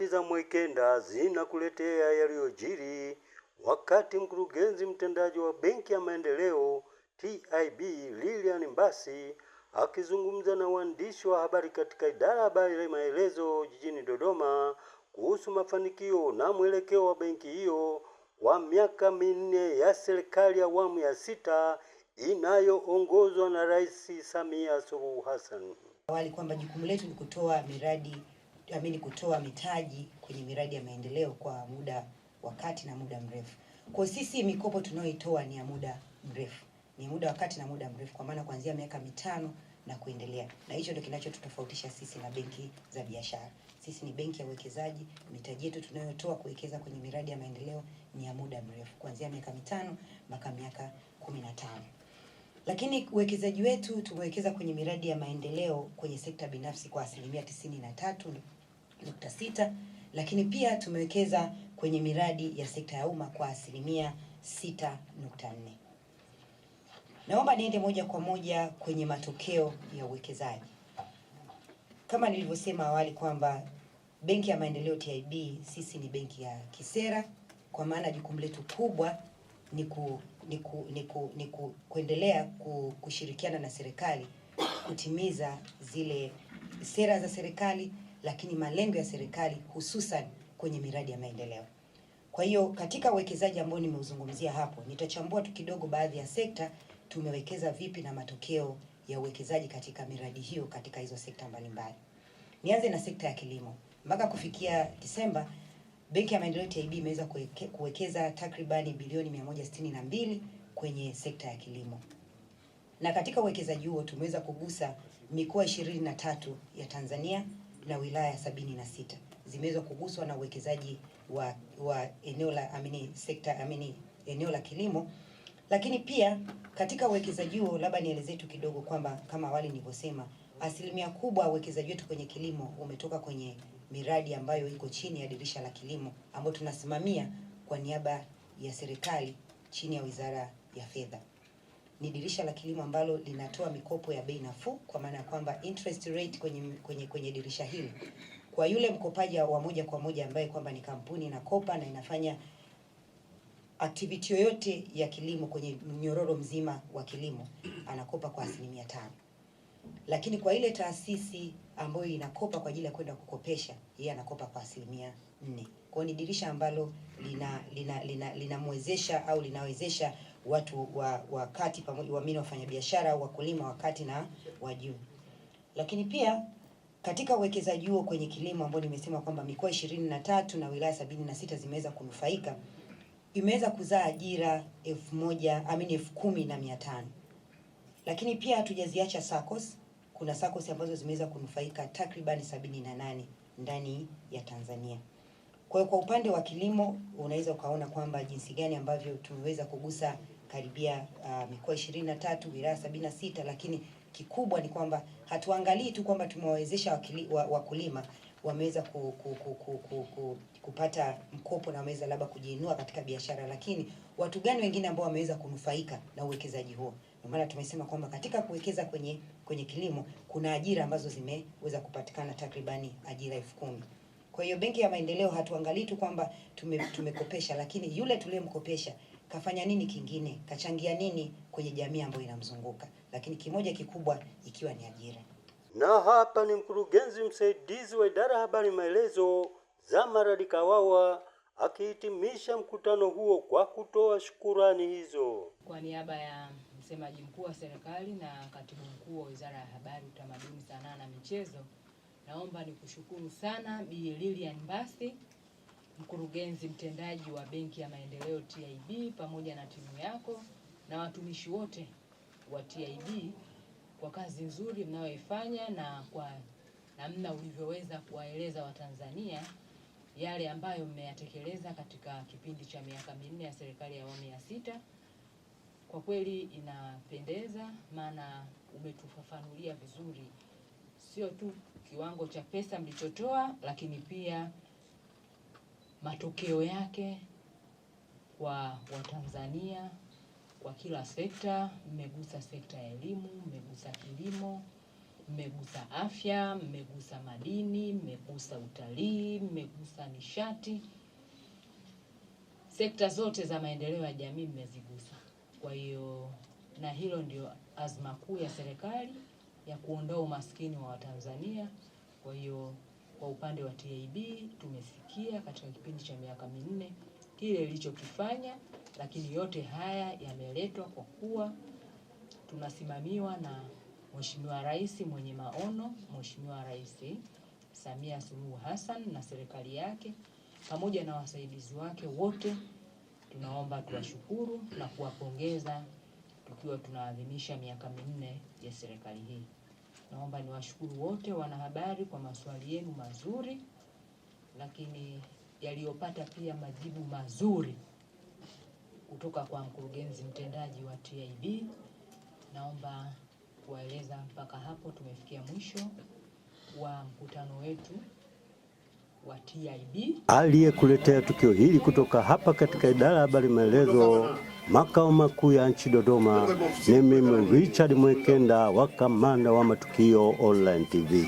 Kamati za Mwekenda zinakuletea yaliyojiri wakati mkurugenzi mtendaji wa Benki ya Maendeleo TIB Lilian Mbasi akizungumza na waandishi wa habari katika idara ya habari maelezo jijini Dodoma kuhusu mafanikio na mwelekeo wa benki hiyo kwa miaka minne ya serikali ya awamu ya sita inayoongozwa na Rais Samia Suluhu Hassan. Awali kwamba jukumu letu ni kutoa miradi amini kutoa mitaji kwenye miradi ya maendeleo kwa muda wa kati na muda mrefu. Kwa sisi mikopo tunayoitoa ni ya muda mrefu, ni muda wa kati na muda mrefu, kwa maana kuanzia miaka mitano na kuendelea, na hicho ndio kinachotutofautisha sisi na benki za biashara. Sisi ni benki ya uwekezaji. Mitaji yetu tunayotoa kuwekeza kwenye miradi ya maendeleo ni ya muda mrefu, kuanzia miaka mitano mpaka miaka kumi na tano lakini uwekezaji wetu tumewekeza kwenye miradi ya maendeleo kwenye sekta binafsi kwa asilimia tisini na tatu 6.6, lakini pia tumewekeza kwenye miradi ya sekta ya umma kwa asilimia 6.4. Naomba niende moja kwa moja kwenye matokeo ya uwekezaji. Kama nilivyosema awali kwamba Benki ya Maendeleo TIB sisi ni benki ya kisera, kwa maana jukumu letu kubwa ni ku, ni ku, ni ku, ni ku, kuendelea ku, kushirikiana na serikali kutimiza zile sera za serikali lakini malengo ya serikali hususan kwenye miradi ya maendeleo. Kwa hiyo katika uwekezaji ambao nimeuzungumzia hapo, nitachambua tu kidogo baadhi ya sekta tumewekeza vipi na matokeo ya uwekezaji katika miradi hiyo katika hizo sekta mbalimbali. Nianze na sekta ya kilimo. Mpaka kufikia Disemba, Benki ya Maendeleo TIB imeweza kuwekeza takribani bilioni 162 kwenye sekta ya kilimo, na katika uwekezaji huo tumeweza kugusa mikoa 23 ya Tanzania na wilaya sabini na sita zimeweza kuguswa na uwekezaji wa, wa eneo la amini sekta amini eneo la kilimo. Lakini pia katika uwekezaji huo, labda nielezee tu kidogo kwamba kama awali nilivyosema, asilimia kubwa uwekezaji wetu kwenye kilimo umetoka kwenye miradi ambayo iko chini ya dirisha la kilimo ambayo tunasimamia kwa niaba ya serikali chini ya Wizara ya Fedha ni dirisha la kilimo ambalo linatoa mikopo ya bei nafuu, kwa maana ya kwamba interest rate kwenye, kwenye, kwenye dirisha hili kwa yule mkopaji wa moja kwa moja ambaye kwamba ni kampuni inakopa na inafanya activity yoyote ya kilimo kwenye mnyororo mzima wa kilimo anakopa kwa asilimia tano, lakini kwa ile taasisi ambayo inakopa kwa ajili ya kwenda kukopesha yeye anakopa kwa asilimia nne. Kwa hiyo ni dirisha ambalo linamwezesha lina, lina, lina au linawezesha watu wa, wa kati pamoja waamini wafanyabiashara wakulima wa kati na wa juu. Lakini pia katika uwekezaji huo kwenye kilimo ambao nimesema kwamba mikoa ishirini na tatu na wilaya sabini na sita zimeweza kunufaika, imeweza kuzaa ajira elfu moja amini elfu kumi na mia tano lakini pia hatujaziacha SACCOS. Kuna SACCOS ambazo zimeweza kunufaika takriban sabini na nane ndani ya Tanzania. Kwa hiyo kwa upande wa kilimo unaweza ukaona kwamba jinsi gani ambavyo tumeweza kugusa karibia uh, mikoa ishirini na tatu wilaya sabini na sita lakini kikubwa ni kwamba hatuangalii tu kwamba tumewawezesha wakulima wameweza ku, ku, ku, ku, ku, ku, kupata mkopo na wameweza labda kujiinua katika biashara, lakini watu gani wengine ambao wameweza kunufaika na uwekezaji huo? Ndio maana tumesema kwamba katika kuwekeza kwenye kwenye kilimo kuna ajira ambazo zimeweza kupatikana takribani ajira elfu kumi. Kwa hiyo Benki ya Maendeleo hatuangalii tu kwamba tumekopesha, lakini yule tuliyemkopesha kafanya nini kingine, kachangia nini kwenye jamii ambayo inamzunguka, lakini kimoja kikubwa ikiwa ni ajira. Na hapa ni mkurugenzi msaidizi wa idara ya habari maelezo Zamaradi Kawawa akihitimisha mkutano huo kwa kutoa shukurani hizo kwa niaba ya msemaji mkuu wa serikali na katibu mkuu wa Wizara ya Habari, Utamaduni, Sanaa na Michezo. Naomba nikushukuru sana Bi Lilian Mbasi, mkurugenzi mtendaji wa Benki ya Maendeleo TIB, pamoja na timu yako na watumishi wote wa TIB kwa kazi nzuri mnayoifanya na kwa namna ulivyoweza kuwaeleza Watanzania yale ambayo mmeyatekeleza katika kipindi cha miaka minne ya serikali ya awamu ya sita. Kwa kweli inapendeza, maana umetufafanulia vizuri sio tu kiwango cha pesa mlichotoa, lakini pia matokeo yake kwa Watanzania kwa kila sekta. Mmegusa sekta ya elimu, mmegusa kilimo, mmegusa afya, mmegusa madini, mmegusa utalii, mmegusa nishati. Sekta zote za maendeleo ya jamii mmezigusa. Kwa hiyo na hilo ndio azma kuu ya serikali ya kuondoa umaskini wa Watanzania. Kwa hiyo kwa upande wa TAB tumefikia katika kipindi cha miaka minne kile ilichokifanya, lakini yote haya yameletwa kwa kuwa tunasimamiwa na Mheshimiwa Rais mwenye maono, Mheshimiwa Rais Samia Suluhu Hassan na serikali yake pamoja na wasaidizi wake wote, tunaomba tuwashukuru na kuwapongeza tukiwa tunaadhimisha miaka minne ya serikali hii. Naomba niwashukuru wote wanahabari kwa maswali yenu mazuri, lakini yaliyopata pia majibu mazuri kutoka kwa mkurugenzi mtendaji wa TIB. Naomba kuwaeleza mpaka hapo tumefikia mwisho wa mkutano wetu wa TIB. Aliyekuletea tukio hili kutoka hapa katika idara ya habari maelezo makao makuu ya nchi Dodoma. Ni mimi Richard Mwekenda wa Kamanda wa Matukio Online TV.